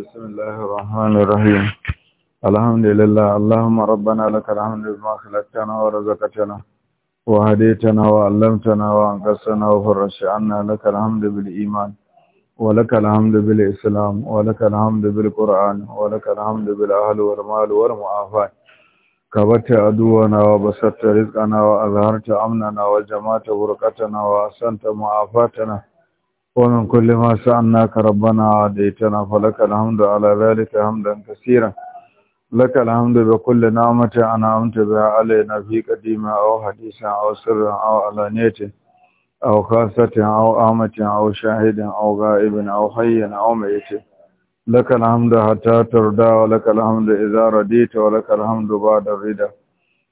بسم الله الرحمن الرحيم الحمد لله اللهم ربنا لك الحمد بما خلقتنا ورزقتنا وهديتنا وعلمتنا وانقصنا وفرش عنا لك الحمد بالإيمان ولك الحمد بالإسلام ولك الحمد بالقرآن ولك الحمد بالأهل والمال والمعافاة كبت أدونا وبسطت رزقنا وأظهرت أمننا وجمعت بركتنا وأسنت معافاتنا ومن كل ما سألناك ربنا عديتنا فلك الحمد على ذلك حمدا كثيرا لك الحمد بكل نعمة أنا أمت بها علينا في قديمة أو حديثة أو سر أو علانية أو خاصة أو آمة أو شاهد أو غائب أو حي أو ميت لك الحمد حتى ترضى ولك الحمد إذا رديت ولك الحمد بعد الرضا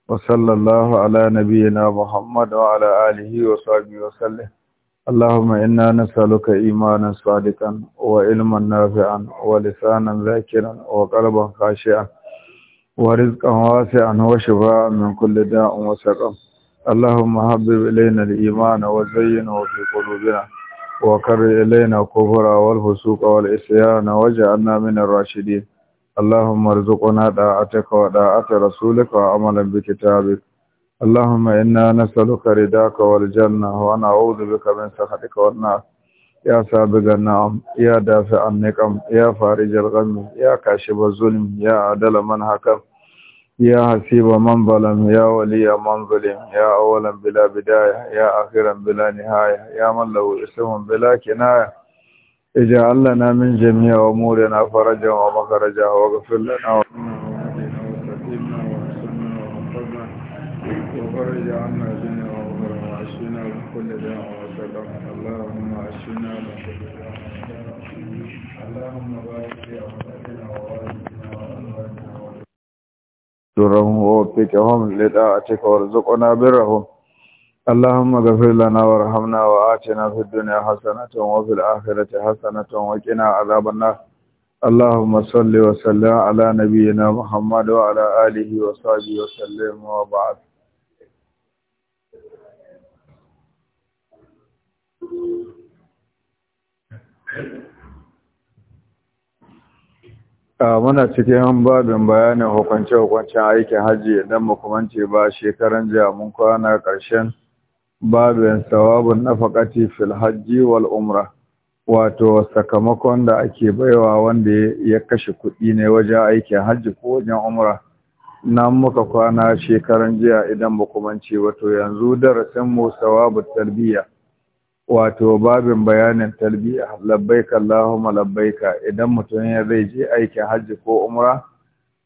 وصلى الله على نبينا محمد وعلى آله وصحبه وسلم اللهم إنا نسألك إيمانا صادقا وعلما نافعا ولسانا ذاكرا وقلبا خاشعا ورزقا واسعا وشفاء من كل داء وسقم اللهم حبب إلينا الإيمان وزينه في قلوبنا وكر إلينا الكفر والفسوق والعصيان واجعلنا من الراشدين اللهم ارزقنا طاعتك وطاعة رسولك وعملا بكتابك اللهم إنا نسألك رداك والجنة ونعوذ بك من سخطك والنار يا سابق النعم يا دافع النقم يا فارج الغم يا كاشف الظلم يا عدل من حكم يا حسيب من ظلم يا ولي من ظلم يا أولا بلا بداية يا آخرا بلا نهاية يا من له اسم بلا كناية اجعل لنا من جميع أمورنا فرجا ومخرجا واغفر لنا ومن واجعلنا جنة وغفرة وعشنا من كل داء وسلام اللهم عشنا من كل داء اللهم بارك في أولادنا ووالدنا وأموالنا درهم ووفقهم لطاعتك وارزقنا برهم اللهم اغفر لنا وارحمنا وآتنا في الدنيا حسنة وفي الآخرة حسنة وقنا عذاب النار اللهم صل وسلم على نبينا محمد وعلى آله وصحبه وسلم وبعد a muna cikin babin bayanin hukunce-hukuncen aikin hajji idan makamanci ba shekaran jiya mun kwana ƙarshen babin sawabin nafakati fil hajji wal umra wato sakamakon da ake baiwa wanda ya kashe kuɗi ne wajen aikin hajji ko wajen umra na muka kwana shekaran jiya idan makamanci wato yanzu darasin mu sawabin tarbiyya wato babin bayanin talbiya labbaika Allahumma labbaika idan mutum ya zai je aikin hajji ko umra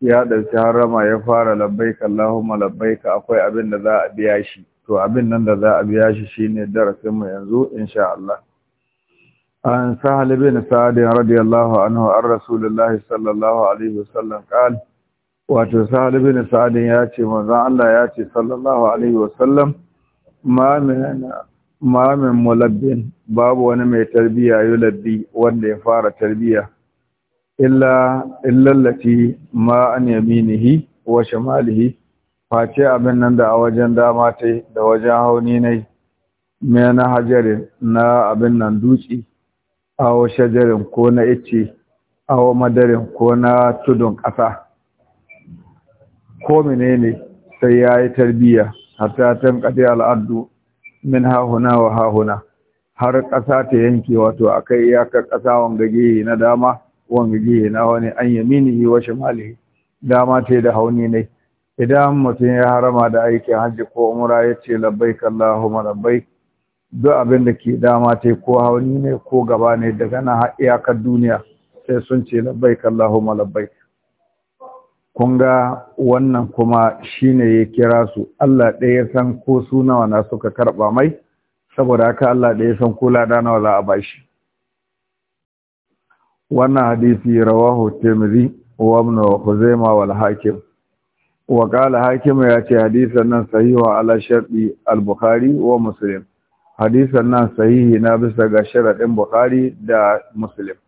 ya dauki harama ya fara labbaika Allahumma labbaika akwai abin da za a biya shi to abin nan da za a biya shi shine darasin mu yanzu insha Allah an sahal bin sa'd radiyallahu anhu an rasulullahi sallallahu alaihi wasallam qala wato sahal bin sa'd ya ce manzo Allah ya ce sallallahu alaihi wasallam ma min Mamin mulabbin babu wani mai tarbiya yulabbi wanda ya fara tarbiya illa illallati ma an yaminihi wa shamalihi face abin nan da a wajen dama ta da wajen hauni ne mai na hajarin na abin nan dutse awo shajarin ko na ice awo madarin ko na tudun ƙasa ko menene sai ya yi tarbiya hatta tan kadi al'addu min hahuna wa hahuna har ƙasa ta yanke wato akai iyakar ƙasa wanga gehe na dama wanga gehe na wani an yaminihi wa shimali dama ta da hauni ne idan mutum ya harama da aikin hajji ko umra ya ce labbaik allahumma labbaik duk abin da ke dama ta ko hauni ne ko gaba ne daga na iyakar duniya sai sun ce labbaik allahumma labbaik kun ga wannan kuma shine ya kira su Allah ɗaya ya san ko sunawa na suka karɓa mai saboda haka Allah ɗaya ya san ko lada nawa za a bashi wannan hadisi rawahu tirmidhi wa ibn khuzaima wal hakim wa qala hakim ya ce hadisan nan sahihu ala sharti al bukhari wa muslim hadisan nan sahihi na bisa ga sharadin bukhari da muslim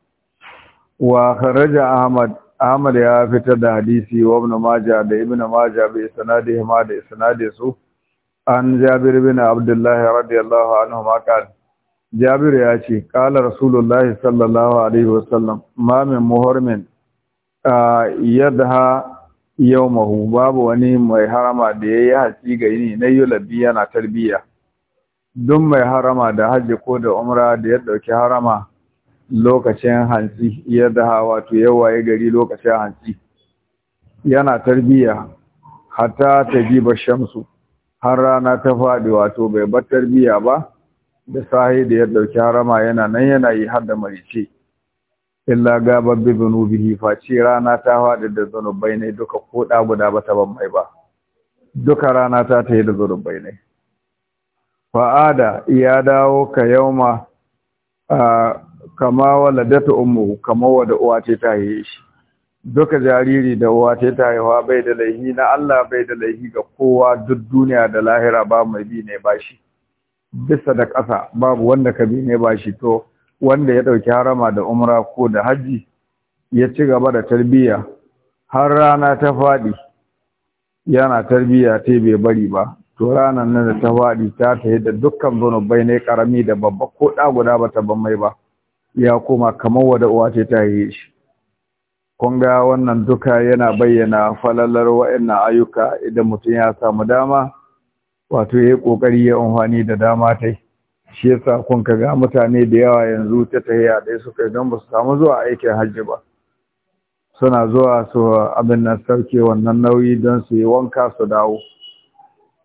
wa kharaja ahmad Ahmad ya fitar da hadisi wa Ibn Majah da Ibn Majah bi sanadi ma da sanadi su an Jabir bin Abdullah radiyallahu anhu ma kan Jabir ya ce qala Rasulullah sallallahu alaihi wasallam ma min muharmin yadha yawmahu babu wani mai harama da yayi haji ga yini na yulabi yana tarbiya duk mai harama da hajji ko da umra da ya dauki harama lokacin hantsi yadda wato yawaye gari lokacin hantsi yana tarbiya hatta ta ba shamsu har rana ta faɗi wato bai bar tarbiya ba da sahi da ya ɗauki harama yana nan yana yi har da marice illa gabar bi zunubihi face rana ta faɗi da zunubai ne duka ko ɗa guda ba ta ban mai ba duka rana ta ta yi da zunubai ne fa'ada ya dawo ka a kama waladatu ummu kama wada uwa ce ta haife shi duka jariri da uwa ce ta haihuwa bai da laihi na Allah bai da laihi ga kowa duk duniya da lahira ba mai bi ne ba bisa da ƙasa babu wanda ka bi ne ba to wanda ya ɗauki harama da umra ko da haji ya ci gaba da tarbiyya har rana ta faɗi yana tarbiyya ta bai bari ba to ranar nan da ta faɗi ta tafi da dukkan zunubai ne karami da babba ko ɗa guda ba ta ban mai ba ya koma kamar wadda uwa ce ta yi shi kun ga wannan duka yana bayyana falalar wa'annan ayyuka idan mutum ya samu dama wato ya yi ƙoƙari ya amfani da dama ta shi yasa kun ka ga mutane da yawa yanzu ta tahiya ɗaya suka don ba su samu zuwa aikin hajji ba suna zuwa su abin nan sauke wannan nauyi don su yi wanka su dawo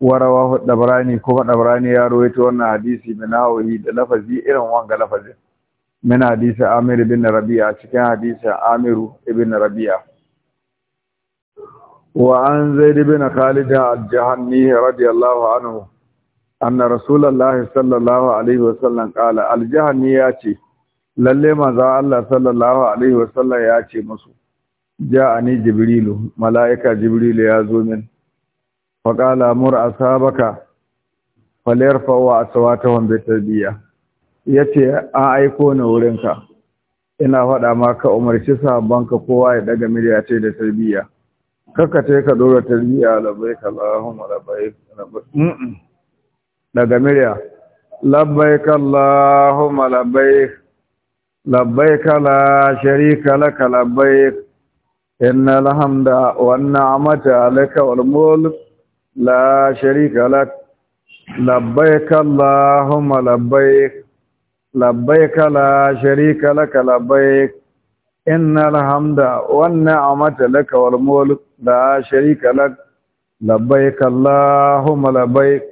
warawa dabrani kuma dabrani ya rawaito wannan hadisi minawahi da lafazi irin wanga lafazin min hadisi Amir ibn Rabi'a cikin hadisin Amiru ibn Rabi'a wa an Zaid ibn Khalid al-Jahanni radiyallahu anhu anna Rasulullahi sallallahu alaihi wasallam qala al-Jahanni yace lalle manzo Allah sallallahu alaihi wasallam yace musu ja'ani Jibrilu malaika Jibrilu ya zo min fa qala mur ashabaka falyarfa'u aswatahum bitabiyah ya ce an aiko na wurinka ina faɗa ma ka umarci sabonka kowa ya daga miliya ce da tarbiyya kaka ce ka dora tarbiyya labai ka lahun labai daga miliya labai ka lahun labai labai ka la sharika laka labai inna alhamda wa ni'mata laka wal mulk la sharika lak labbaik allahumma labbaik labbaik la sharika laka labbaik innal hamda wan ni'mata laka wal mulk la sharika lak labbaik allahumma labbaik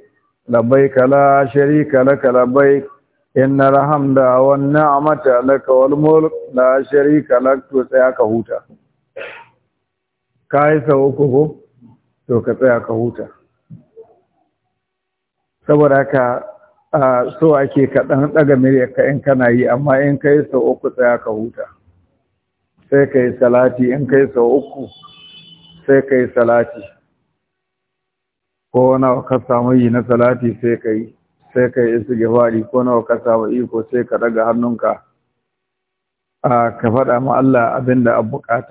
labbaik la sharika laka labbaik innal hamda wan ni'mata laka wal mulk la sharika lak to tsaya ka huta kai sau uku ko to ka tsaya ka huta saboda haka so ake kaɗan ɗaga ɗaga ka in kana yi amma in ka yi sau uku tsaya ka huta sai ka yi salati in ka yi sau uku sai ka yi salati ko nawa ka samu yi na salati sai ka yi sai ka yi istighfari ko nawa ka samu iko sai ka ɗaga hannunka a ka faɗa ma Allah abin da abu ka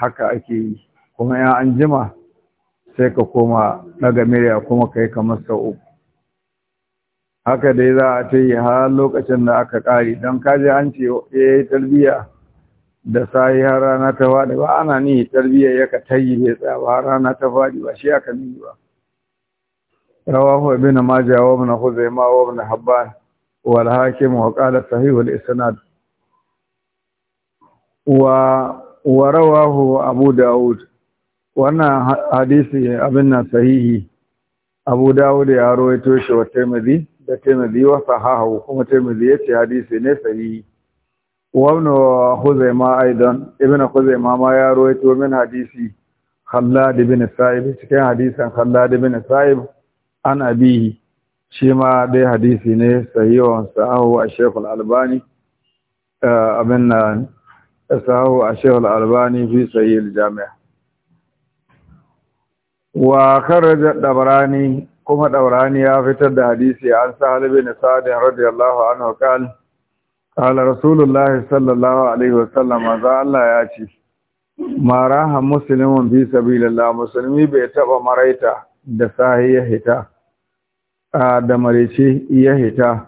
haka ake yi kuma ya an jima sai ka koma ɗaga murya kuma ka yi kamar sau uku haka dai za a ta yi har lokacin da aka ƙari don kaji an ce ya yi tarbiyya da sayi har rana ta faɗi ba ana ni tarbiyya ya ka ta yi bai tsaya ba har rana ta faɗi ba shi aka nuni ba rawahu ibn majah wa ibn huzaima wa ibn habban wal hakim wa qala sahih al isnad wa wa rawahu abu daud wannan hadisi abin nan sahihi abu daud ya rawaito shi wa tirmidhi da Tirmidhi wa sahahu kuma Tirmidhi yace hadisi ne sahihi wa ibn Khuzaima aidan ibn Kuzai ma ya rawaito min hadisi Khallad ibn Sa'ib cikin hadisan Khallad ibn Sa'ib an abihi shi ma dai hadisi ne wa sahahu Sheikh Al-Albani eh, abin nan sahahu Sheikh Al-Albani fi sahih al-Jami' wa kharraja Dabrani kuma daurani ya fitar da hadisi an sahal bin sa'd radiyallahu anhu qal qala rasulullahi sallallahu alaihi wasallam za Allah ya ce maraha muslimun bi sabilillah musulmi bai taba maraita da sahiya hita A da marece ya hita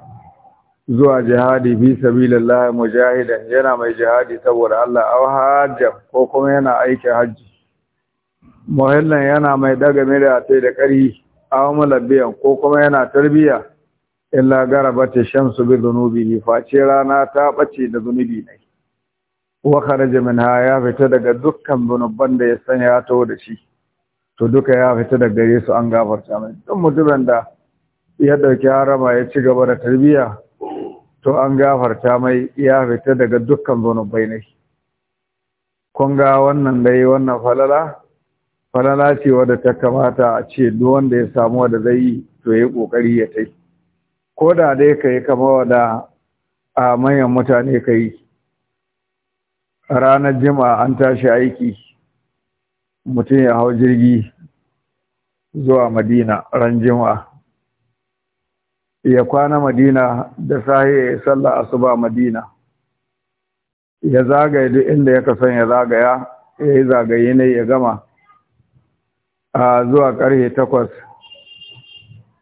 zuwa jihadi bi sabilillah Mujahida yana mai jihadi saboda Allah aw hajja ko kuma yana aiki hajji. muhallan yana mai daga mira sai da kari aw malabbiyan ko kuma yana tarbiya illa shan shamsu bi dhunubihi face rana ta bace da zunubi ne wa kharaja minha ya fita daga dukkan zunuban da ya sanya ya da shi to duka ya fita daga gare su an gafarta mai duk mutumin da ya dauki harama ya ci gaba da tarbiya to an gafarta mai ya fita daga dukkan zunubai ne kun ga wannan dai wannan falala falala ce wadda ta kamata a ce duk wanda ya samu wadda zai yi to ya ƙoƙari ya tai ko da dai ka yi kama wadda a manyan mutane ka yi ranar jima'a an tashi aiki mutum ya hau jirgi zuwa madina ran jima'a ya kwana madina da sahi ya salla asuba madina ya zagaye duk inda ya kasan ya zagaya ya yi zagaye ne ya gama a zuwa ƙarfe takwas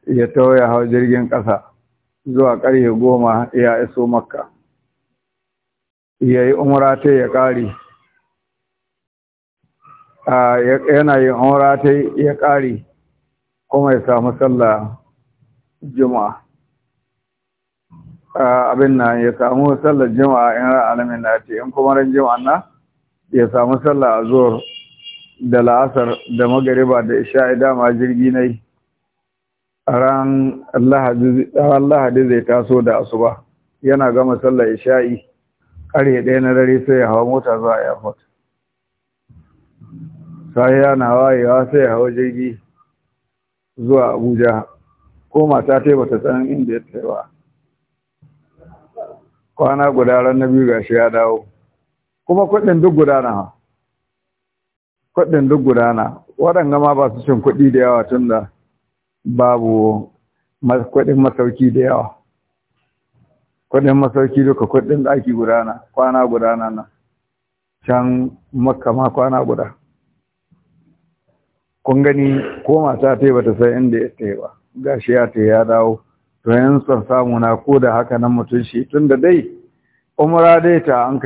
ya tauya hau jirgin ƙasa zuwa ƙarfe goma ya iso makka ya yi umara ta ya ƙari yana yin umara ya ƙari kuma ya samu sallah juma'a abin nan ya samu sallah juma in ra'alamin na ce in kuma ran juma na ya samu sallah a zuwa da la'asar da magariba da isha'i dama jirgi na yi a ran lahadi zai taso da asuba yana gama sallar isha'i ƙarye ɗaya na dare sai ya hawa mota zuwa airport sai na wayewa sai ya hawa jirgi zuwa abuja ko mata ta bata san inda ya taiwa kwana guda ran na biyu shi ya dawo kuma kuɗin duk gudanawa kudin duk gudana waɗanda ma ba su cin kuɗi da yawa tun da babu kuɗin masauki da yawa kuɗin masauki duka kuɗin ɗaki gudana kwana gudana na can makama kwana guda kun gani ko mata ta yi bata san inda ya ta yi ba shi ya ta ya dawo to yin son samu na ko da haka nan mutum shi tun da dai umra dai ta an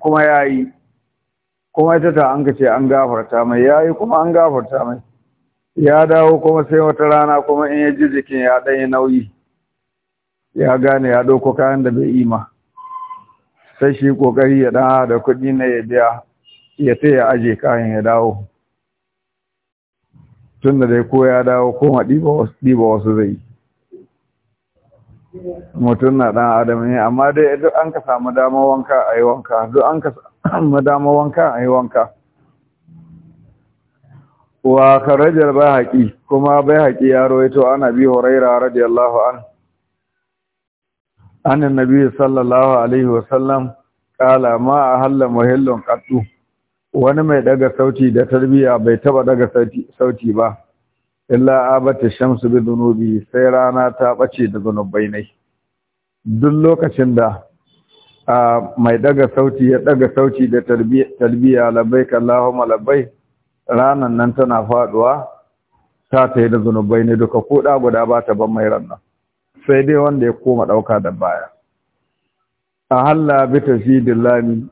kuma ya yi kuma ita ta an ce an gafarta mai ya yi kuma an gafarta mai ya dawo kuma sai wata rana kuma in ya ji jikin ya ɗanyi nauyi ya gane ya ɗauko kayan da bai yi ma sai shi ƙoƙari ya ɗan da kuɗi na ya biya ya ta ya aje kayan ya dawo tun da dai ko ya dawo ko ɗiba wasu zai mutum na ɗan adam ne amma dai duk an ka samu damar wanka a yi wanka duk an ka madama wanka a yi wanka wa karajar bai haƙi kuma bai haƙi ya To, ana bi horaira radiyallahu an annan nabi sallallahu alaihi wasallam kala ma a halla muhallin kaddu. wani mai daga sauti da tarbiya bai taba daga sauti ba illa abata shamsu bi dunubi sai rana ta bace da zunubai ne duk lokacin da mai daga sauti ya daga sauti da talbiya labbaik Allahumma malabai ranan nan tana faduwa ta ta yi da zunubai ne duka ko da guda ba ta ban mai rannan sai dai wanda ya koma ɗauka da baya a halla bi fi lami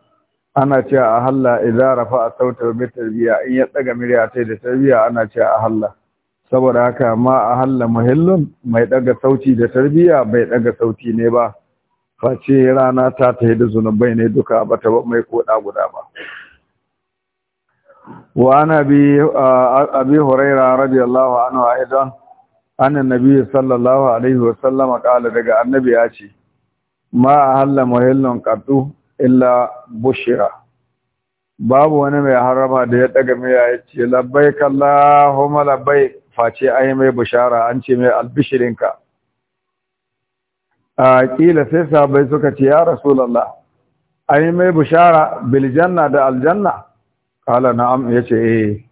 ana ce a halla idan rafa sautar bi talbiya in ya daga murya ta da talbiya ana ce a halla saboda haka ma a halla muhillun mai daga sauti da talbiya bai daga sauti ne ba face rana ta ta da zunubai ne duka ba ta mai koda guda ba wa ana bi abi huraira radiyallahu anhu aidan annan nabi sallallahu alaihi wa sallam kala daga annabi ya ce ma halla muhillun qattu illa bushira babu wani mai harama da ya daga mai ya ce labbaik allahumma labbaik face ai mai bushara an ce mai albishirinka a ƙila sai sabai suka ce ya rasulullah yi mai bishara, biljanna da aljanna ƙala na'am ce, eh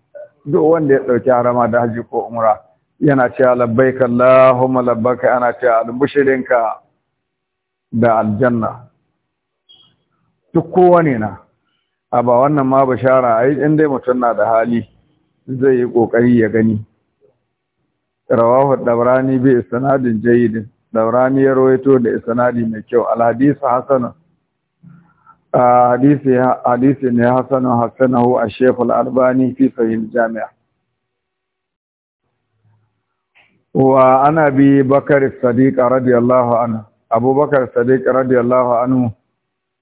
duk wanda ya ɗauki harama da haji ko umra yana cewa labbaika allahumma labbaika yana ce albushirinka da aljanna duk kowane na a ba wannan ma bishara. A yi inda mutum na da hali zai yi ƙoƙari ya gani rawahu dabrani bi sanadin jayidin daurani ya rawaito da isnadi mai kyau al hadisi hasan hadisi hadisi ne hasan hasanahu a shaykh al-albani fi sahih jami'a. wa ana bi bakar sadiq radiyallahu anhu abubakar sadiq radiyallahu anhu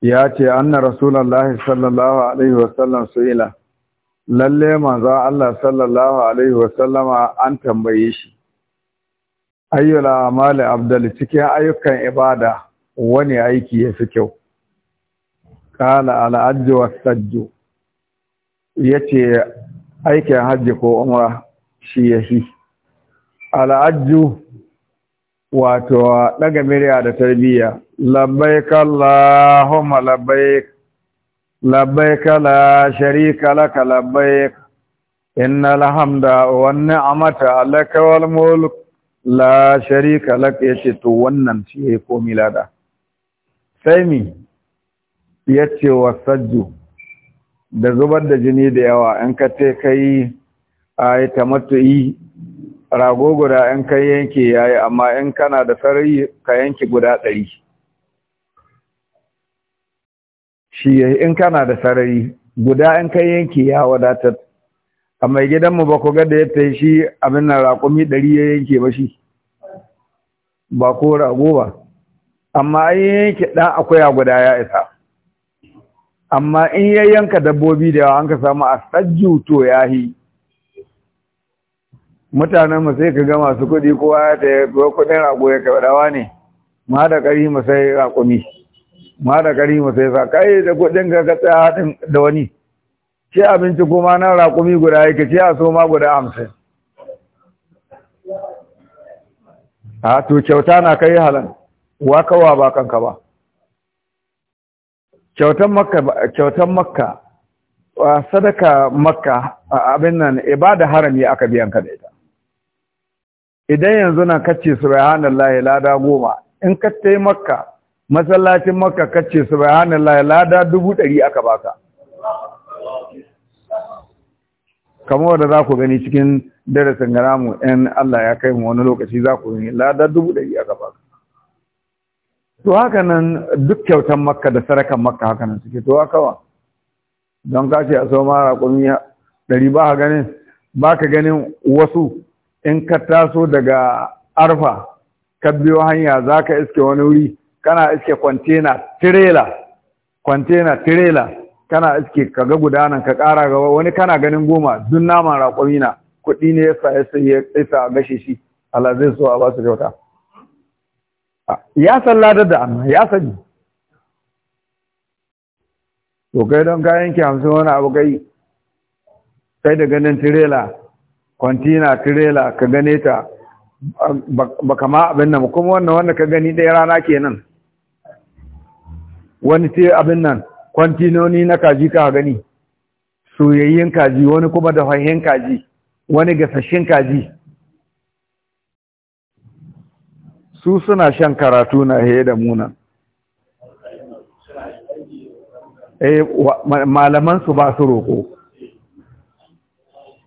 ya ce anna rasulullahi sallallahu alaihi wa sallam su'ila lalle manzo Allah sallallahu alaihi wa sallama an tambaye shi ayyula amali abdal cikin ayyukan ibada wani aiki ya fi kyau kala al hajju was sajju yace aikin hajji ko umra shi ya al hajju wato daga murya da tarbiyya labbaik allahumma labbaik labbaik kala shari kala labbaik innal hamda wan ni'mata lak wal mulk la sharika lak yace to wannan shi ne ko milada Saimi mi wa wasajju da zubar da jini da yawa in ka te kai ayi tamattu'i rago guda in ka yanke yayi amma in kana da sarri ka yanke guda ɗari. shi in kana da sarari guda in ka yanke ya wadatar a mai gidanmu ba ku ga da yadda shi abin na raƙumi ɗari ya yanke ba shi ba ko rago ba amma an yanke ɗan akwai guda ya isa amma in ya yanka dabbobi da yawa an ka samu a sajju to ya yi mutanenmu sai ka ga masu kuɗi kowa ya ta yi kuɗin rago ya kaɗawa ne ma da ƙari mu sai raƙumi ma da ƙari mu sai sa kai da kuɗin ga ka tsaya da wani ce abinci kuma na raƙumi guda yake ce a so ma guda hamsin a to kyauta na kai halin, wa kawa ba kanka ba kyautan makka a sadaka makka abin nan ibada harami aka biyan ka da ita idan yanzu nan kace subhanallahi lada goma in ka yi makka masallacin makka su kace subhanallahi lada dubu ɗari aka baka kamar da za ku gani cikin darasin mu ɗan Allah ya kai mu wani lokaci za ku yi. ladar dubu ɗari a gaba to haka nan duk kyautan makka da sarakan makka haka nan suke to haka wa don ka ce a soma mara raƙumi ɗari ba ka ganin ba ka ganin wasu in ka taso daga arfa ka biyo hanya za ka iske wani wuri kana iske kwantena tirela kwantena tirela kana iske ka ga gudanan ka ƙara gaba wani kana ganin goma duk naman raƙumi na kuɗi ne ya sa ya yasa a gashe shi Allah zai so a ba su kyauta ya san ladar da amma ya sani to kai don kayan ki hamsin wani abu kai kai da ganin tirela kwantina tirela ka gane ta ba kama abin nan kuma wannan wanda ka gani ɗaya rana kenan wani ce abin nan kwantinoni na kaji ka gani soyayyen kaji wani kuma da hanyen kaji wani gasashen kaji su suna shan karatu na haye da muna eh, malamansu ba su roƙo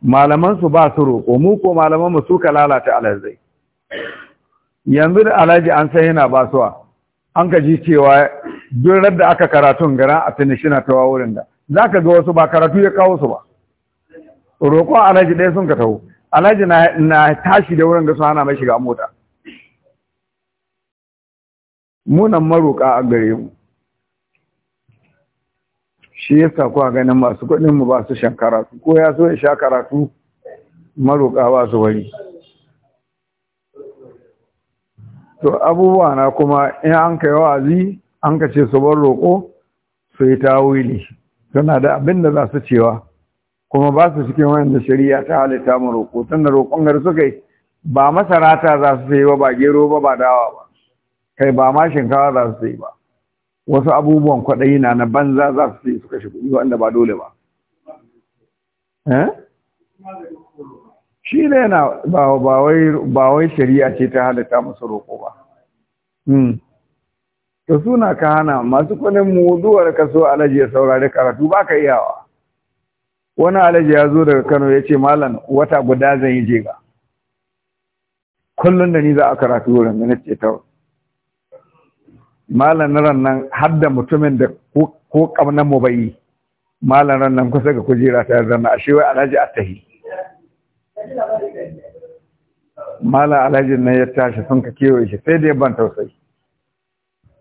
malamansu ba su roƙo mu ko malamanmu suka lalata alazai yanzu da alaji an sai yana basuwa an gaji cewa duk da aka karatun gara a tuni shi na tawa wurin da za ka ga wasu ba karatu ya kawo su ba roƙon alhaji ɗaya sun ka taho alhaji na tashi da wurin ga su hana mai shiga mota munan maroƙa a gare mu shi yasa kuwa ganin masu kuɗinmu ba su shan karatu ko ya so ya sha karatu maroƙa ba su wani to abubuwa na kuma in an kai wa'azi an ka ce su bar roƙo su yi tawili suna da abin da za su cewa kuma ba su cikin da shari'a ta halitta mu roƙo da roƙon gari suka yi ba masarata za su sayi ba ba gero ba ba dawa ba kai ba ma shinkawa za su sayi ba wasu abubuwan kwaɗayi na na banza za su sayi suka shigo wanda ba dole ba eh? shi ne yana ba wai shari'a ce ta halitta musu roƙo ba hmm. to suna ka hana masu kunin muduwar ka so alaji ya saurari karatu ba ka iyawa wani alaji ya zo daga kano ya ce malam wata guda zan yi jega kullum da ni za a karatu wurin da ce ta malam ran nan har da mutumin da ko kamnan mu bai malam ran nan kusa ga kujera ta yarda na ashe wai alhaji attahi malam alajin nan ya tashi sun ka kewaye shi sai dai ban tausayi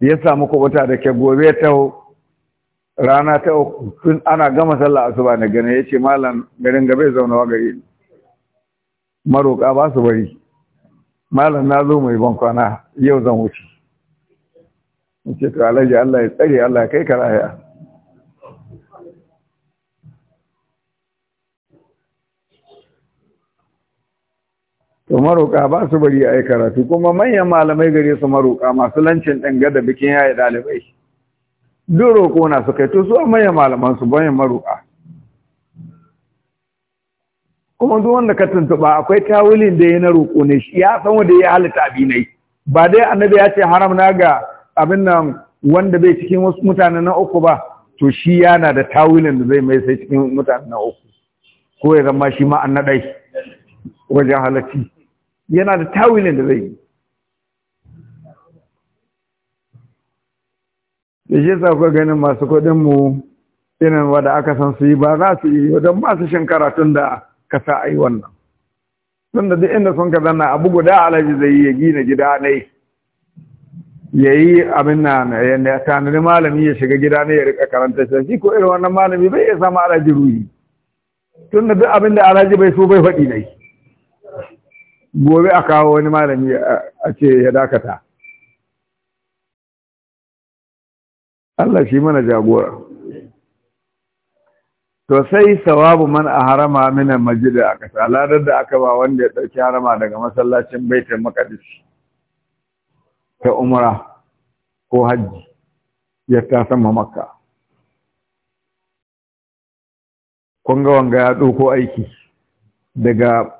ya samu kubuta da ke gobe ta rana ta uku tun ana gama sallah asuba na gane ya ce malam garin gabe wa gari maroka ba su bari malam na zo mai ban kwana yau zan wuce in ce to alhaji Allah ya tsare Allah kai ka rahaya to maroƙa ba su bari a yi karatu kuma manyan malamai gare su maroƙa masu lancin ɗanga da bikin yaya ɗalibai duk roƙo na su kai to su manyan malaman su bayan maroƙa kuma duk wanda ka tuntuɓa akwai tawulin da ya na roƙo ne shi ya san wanda ya halitta abi ne ba dai annabi ya ce haram na ga abin nan wanda bai cikin wasu mutane na uku ba to shi yana da tawulin da zai mai sai cikin mutane na uku ko ya zama shi ma an wajen halatti yana da tawilin da zai yi da shi sa ku ganin masu kudinmu mu irin wanda aka san su yi ba za su yi wajen ba su shin karatun da ka sa a yi wannan sun da duk inda sun ka zanna abu guda alaji zai yi ya gina gida ne ya yi abin na ya tanani malami ya shiga gida ne ya rika karanta shi ko irin wannan malami bai iya samu alaji ruhi tun da duk abin da alaji bai so bai faɗi ne gobe a kawo wani malami a ce ya dakata Allah shi mana jagora to sai sawabu man a harama minan majida a ƙasa ladar da aka ba wanda ya ɗauki harama daga masallacin baitin makadis ta umara ko hajji ya ta sama makka Kunga wanga ya ɗauko aiki daga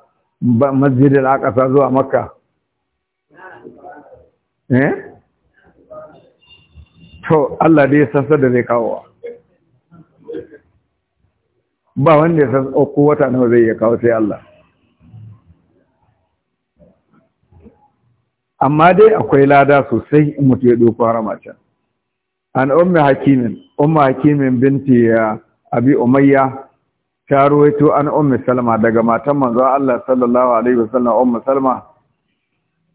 ba masjidil aqsa zuwa makka eh to Allah dai san sa da zai kawo ba wanda ya san ko wata nawa zai ya kawo sai Allah amma dai akwai lada sosai in mutu ya dofa harama an ummi hakimin umma hakimin binti ya uh, abi umayya ta ruwaito an ummi salma daga matan manzon Allah sallallahu alaihi wasallam ummi salma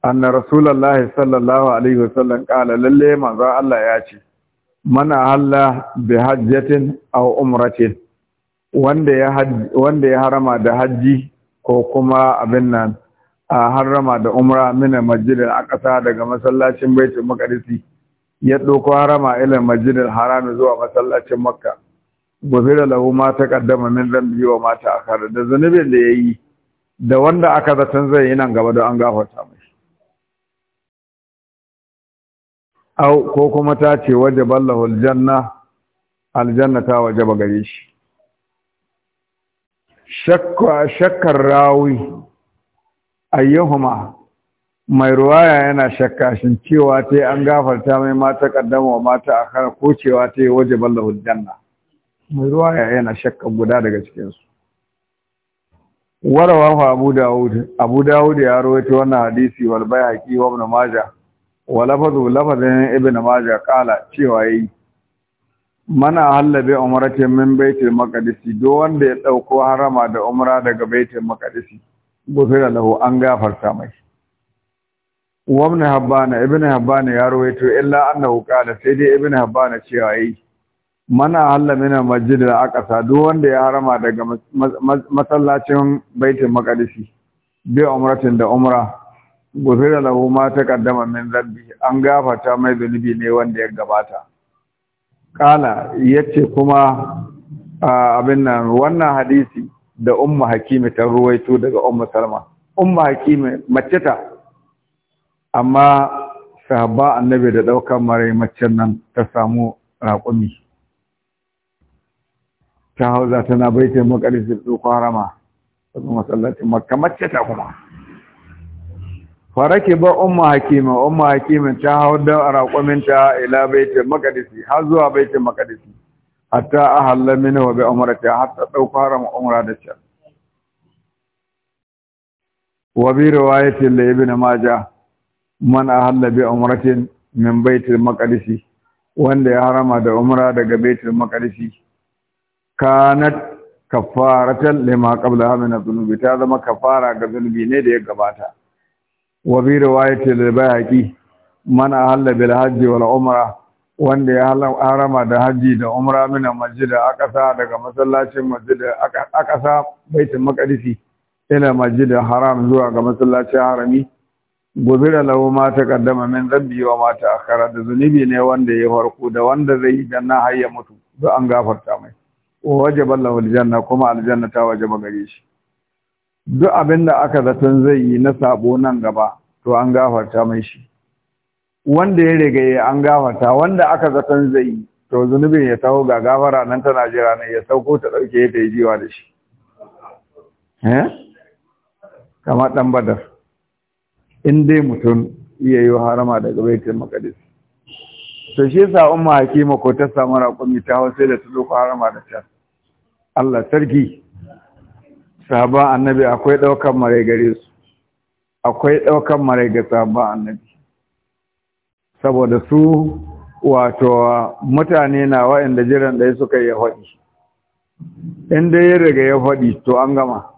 anna rasulullahi sallallahu alaihi wasallam kala lalle manzon Allah ya ce mana halla bi hajjatin aw umratin wanda ya wanda ya harama da haji ko kuma abin nan a harama da umra mina masjidil aqsa daga masallacin baitul maqdisi ya dauko harama ila masjidil haram zuwa masallacin makka da lahu ma ta kaddama min dambi wa ma a kare. da zunubin da yayi da wanda aka zaton zai yi nan gaba don an gafarta mai au ko kuma ta ce waje ballahu aljanna aljanna ta waje ba gare shi shakka shakkar rawi ayyuhuma mai ruwaya yana shakka shin cewa ta an gafarta mai mata kaddama wa mata kare? ko cewa ta waje ballahu aljanna mai ruwa yana shakkan guda daga cikinsu warawahu abu dawud abu dawud ya rawaito wannan hadisi wal bayhaqi wa ibn majah wa lafazu lafazin ibn majah kala cewa yayi mana halabe umrata min baitul maqdis do wanda ya ɗauko harama da umra daga baitul maqdis gofira lahu an gafarta mai wa ibn habban ibn habban ya rawaito illa annahu kala sai dai ibn Habana cewa yi. mana Allah mina masjid al-aqsa duk wanda ya harama daga masallacin baitin maqdisi bi umratin da umra gufira lahu ma taqaddama min dhanbi an gafata mai zunubi ne wanda ya gabata kala yace kuma abin nan wannan hadisi da ummu hakimi ta ruwaito daga ummu salma ummu hakimi mace ta amma sahaba annabi da daukar mare macen nan ta samu raƙumi ta hauza tana baitin makaris da tsoko harama wasu masallacin makka mace ta kuma farake ba umma hakima umma hakima ta hau da raƙuminta ila baitin makarisi har zuwa baitin makarisi hatta a halar mini wa bi umrata hatta ɗauko haram umar da can wa bi riwayatin li ibn majah man ahalla bi umratin min baitil maqdisi wanda ya harama da umra daga baitil maqdisi kanat kafaratan lima qabla min dhunubi ta zama kafara ga zunubi ne da ya gabata wa bi riwayati al-bayhaqi man ahalla bil hajji wal umra wanda ya harama da hajji da umra min masjid aqsa daga masallacin masjid aqsa baitul maqdis ila masjid haram zuwa ga masallacin harami gobira lawo ma kaddama min zambi wa ma akhara da zunubi ne wanda ya farko da wanda zai dan na hayya mutu da an gafarta mai wa wajaba lahu aljanna kuma aljanna ta wajaba gare shi duk abin da aka zaton zai yi na sabo nan gaba to an gafarta mai shi wanda ya riga an gafarta wanda aka zaton zai yi to zunubin ya taho ga gafara nan tana Najeriya ne ya sauko ta dauke ta yi jiwa da shi eh kama dan badar in dai mutum iya yi harama daga baitul maqdis to shi yasa umma hakima ko ta samu raƙumi ta hau sai da ta zo harama da ta Allah sarki sahaba annabi akwai ɗaukan mare gare su akwai ɗaukan mare ga sahaba annabi saboda su wato mutane na waɗanda jiran ɗaya suka yi haɗi in dai ya riga ya faɗi to an gama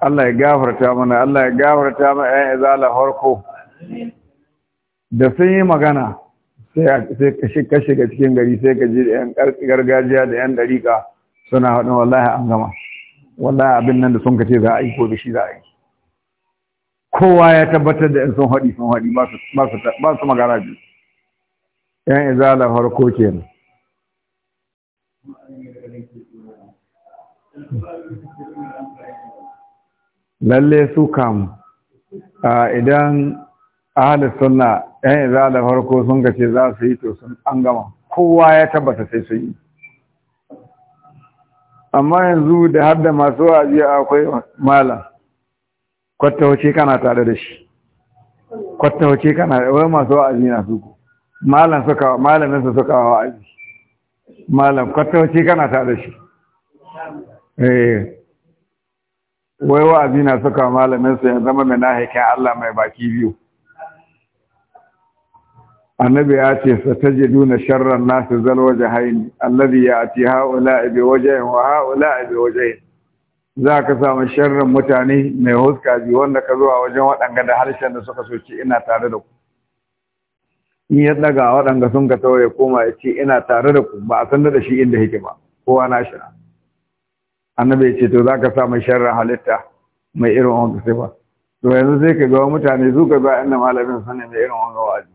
Allah ya gafarta mana Allah ya gafarta mana ‘yan izala da sun yi magana sai ka shiga cikin gari sai ka ji da yan gargajiya da yan dariƙa suna haɗin wallahi an gama wallahi abin nan da sun ka ce za a yi ko da shi za a yi kowa ya tabbatar da yan sun haɗi sun haɗi ba su magana biyu yan izala farko kenan lalle su kam idan ahalis sunna yan za da farko sun ga ce za su yi to sun an gama kowa ya tabbata sai sun yi amma yanzu da har da masu wa'azi akwai malam kwatta wace kana tare da shi kwatta wace kana wai masu wa'azi na su malan suka malamin su suka wa'azi malam kwatta wace kana tare da shi eh wai wa'azi na suka malamin su ya zama mai nahikin Allah mai baki biyu annabi ya ce satajiduna sharran nasu zalwaje haini hayn ya ya'ti haula bi wajhin wa haula bi wajen. za ka samu sharran mutane mai huska biyu wanda ka zuwa wajen waɗanga da harshen da suka soci ina tare da ku in ya daga waɗanga sun ka tawaye koma ya ce ina tare da ku ba a san da shi inda yake ba kowa na shi annabi ya ce to za ka samu sharran halitta mai irin wanka. sai ba to yanzu sai ka ga mutane zuka za inda malamin sanin mai irin wanka wa'azi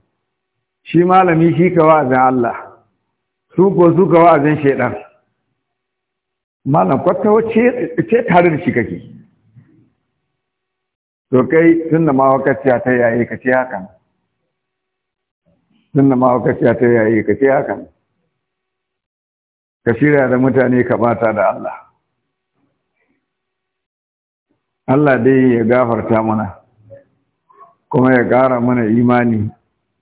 shi malami shi ka wa'azin Allah su ko su ka wa'azin shaidan malam kwata wace ce tare da shi kake to kai tun da mawakaciya ta yaye ka ce hakan tun da mawakaciya ta yaye ka ce hakan ka shirya da mutane ka bata da Allah Allah dai ya gafarta mana kuma ya ƙara mana imani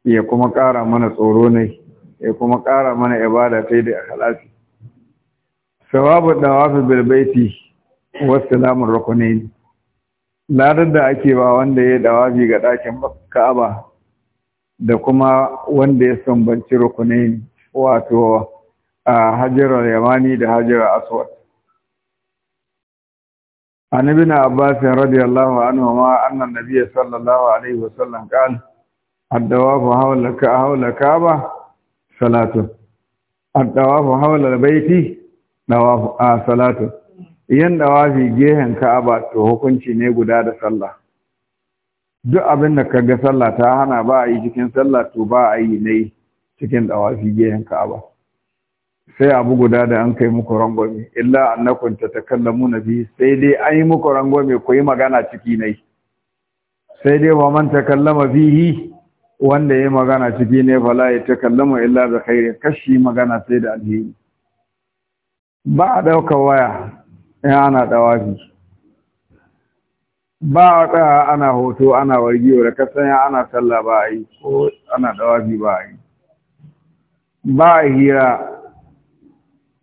ya kuma ƙara mana tsoro ne ya kuma ƙara mana ibada sai da ikhlasi sawabu dawafi bil baiti wa salamun rukunin ladar da ake ba wanda ya dawafi ga ɗakin Ka'aba da kuma wanda ya sambanci rukunin wato a hajjarar yamani da hajjarar aswad عن na عباس radiyallahu anhu ma annan النبي sallallahu alaihi wasallam وسلم addawafu hawlaka hawlaka ba salatu addawafu hawlal baiti dawafu a salatu yan dawafi gehen ka'aba to hukunci ne guda da sallah duk abin da ga sallah ta hana ba a yi cikin sallah to ba a yi ne cikin dawafi gehen ka'aba sai abu guda da an kai muku rangwame illa ta tatakallamuna bi sai dai an yi muku rangwame ku yi magana ciki ne sai dai wa man takallama bihi wanda ya magana ciki ne fala ya kallama illa da khairi kashi magana sai da alheri ba a ɗaukar waya in ana ɗawafi ba a tsaya ana hoto ana wargiyo da kasan ana sallah ba a yi ko ana ɗawafi ba a yi ba a hira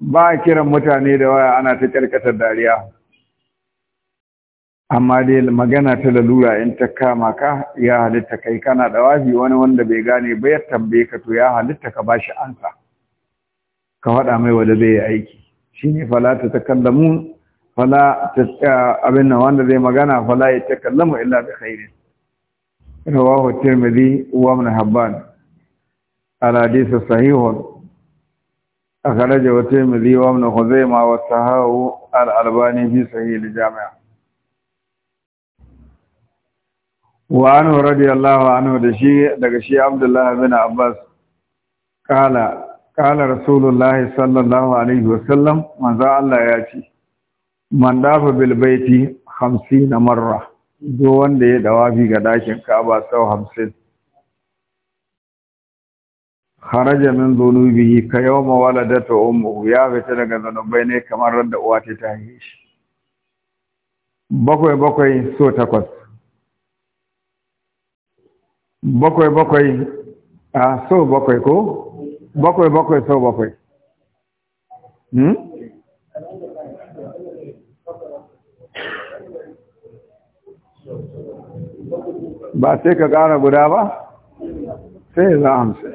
ba a kiran mutane da waya ana ta ƙarƙatar dariya amma dai magana ta lalura in ta kama ka ya halitta kai kana da wafi wani wanda bai gane ba ya tambaye ka to ya halitta ka ba shi ansa ka faɗa mai wanda zai yi aiki shine fala ta takallamu fala ta eh, abin nan wanda zai magana fala ya takallamu illa bi khairin rawahu tirmidhi wa ibn habban al hadith sahih khuzaimah wa sahahu al albani fi sahih al jami' wa anhu radiyallahu anhu da shi daga shi abdullah bin abbas kala kala rasulullah sallallahu alaihi wasallam manzo Allah ya ci. man dafa bil baiti 50 marra do wanda ya dawafi ga dakin Ka'aba sau 50 kharaja min dhunubihi ka yawma waladatu ummuhu ya fita daga zanubai ne kamar randa uwa ta haife shi bakwai bakwai so takwas bakwai bakwai a ah, sau bakwai ko bakwai bakwai sau bakwai hmm? ba sai ka ƙara guda ba sai za hamsin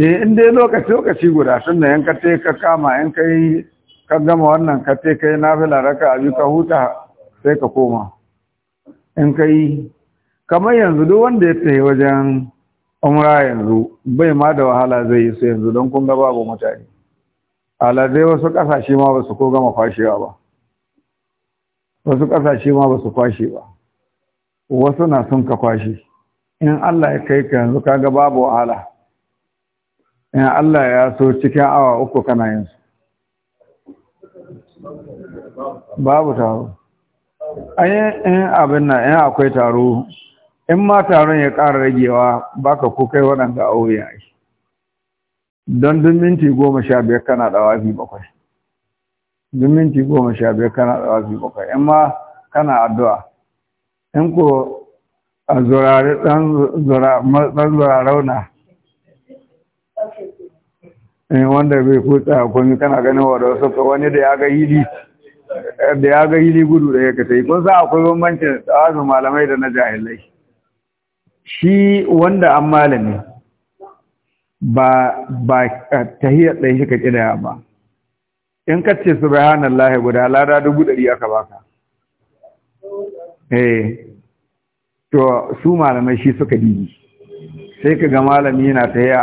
eh in dai lokaci lokaci guda sun yan ka ka kama yankai ka gama wannan ka te kai nafila a abi ka huta sai ka koma in ka yi kamar yanzu duk wanda ya tafi wajen umra yanzu bai ma da wahala zai yi su yanzu don kun ga babu mutane al'adai wasu kasashe ma ba su ko gama kwashewa ba wasu kasashe ma ba su kwashe ba wasu na sun ka kwashe in Allah ya kai ka yanzu kaga babu wahala in Allah ya so cikin awa uku kana yin su babu taro ayin eh, abin nan in eh, akwai taro in ma taron ya ƙara ragewa baka ko kai waɗanda aure ya yi don duk minti goma sha biyar kana ɗawafi bakwai duk minti goma sha biyar kana ɗawafi bakwai in ma kana addu'a in ko a zurare ɗan zurarauna eh, wanda bai kutsa komi kana ganin wa da wasu wani da ya ga yidi da ya ga hili gudu da ya ka kun sa akwai bambancin tsawafin malamai da na jahilai shi wanda an malami ba ba tahiyar ɗaya shi ka ƙidaya ba in ka ce subhanallahi guda lada dubu ɗari aka baka eh to su malamai shi suka dini sai ka ga malami yana tahiya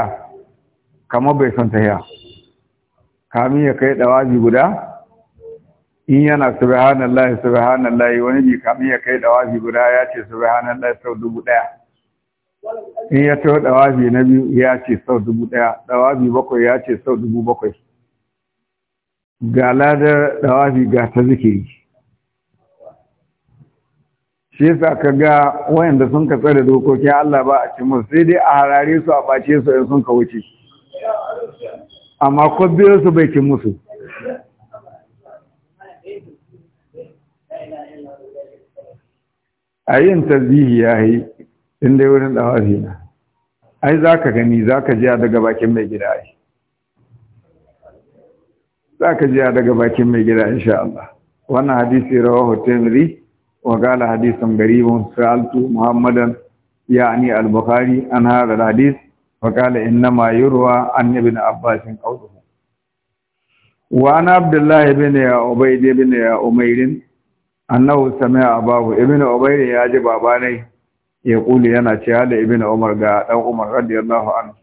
kamar bai son tahiya kamin ya kai dawabi guda in yana subhanallahi subhanallahi wani bi kamin ya kai wafi guda ya ce subhanallahi sau dubu daya in ya taho wafi na biyu ya ce sau dubu daya wafi bakwai ya ce sau dubu bakwai ga ladar wafi ga ta zikiri shi yasa ka ga wayanda sun ka tsare dokokin Allah ba a ci musu sai dai a harare su a bace su in sun ka wuce amma ko biyo su bai ci musu a yin tasbihi ya yi inda wurin ɗawafi na ai za ka gani za ka jiya daga bakin mai gida ai za ka jiya daga bakin mai gida insha Allah wannan hadisi rawa hoton ri. wa gala hadithun garibin sa'altu muhammadan yani al-bukhari an hada hadis wa gala inna ma yurwa an ibn abbas qawluhu wa ana ya ubaidi bin ya umairin annahu sami abahu ibnu ubayr ya ji babanai ya kuli yana ce hada ibnu umar ga dan umar radiyallahu anhu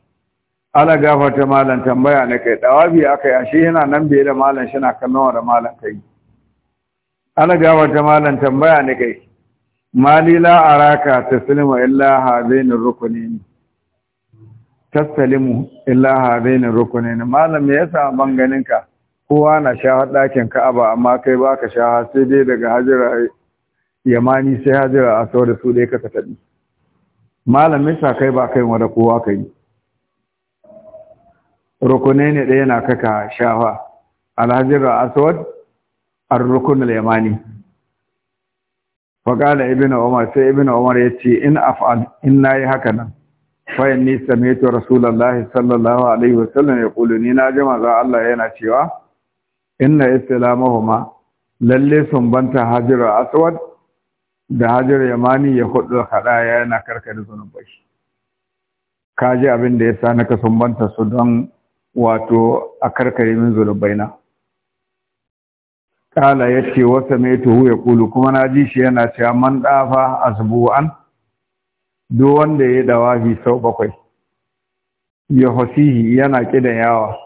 ala gafata malan tambaya ne kai dawabi akai ashe yana nan bai da malan shi na kallon da malan kai ala gafata malan tambaya ne kai mali la araka taslimu illa hadain rukunin taslimu illa hadain rukunin malam me yasa ban ganin ka kowa na shahar ɗakin ka'aba amma kai ba ka sha sai dai daga hajjira yamani sai hajjira a sau da su dai ka taɗi malamin sa kai ba kai wada kowa ka yi rukunai ne ɗaya na kaka shafa alhajjira aswad ar-rukun al-yamani faƙala ibn umar sai ibn umar ya ce in af'al in yi haka nan fa inni sami'tu Rasulallah sallallahu alaihi wasallam yaqulu ni na jama'a Allah yana cewa inna istilamahuma lalle sumbanta hajar aswad da hajar yamani ya hudu hadaya yana karkare zunubai ka ji abin da yasa naka sumbanta su don wato a karkare min zunubai na kala yace mai tuhu ya kulu kuma na ji shi yana cewa man dafa asbu'an duk wanda ya dawahi sau bakwai ya hosihi yana kidan yawa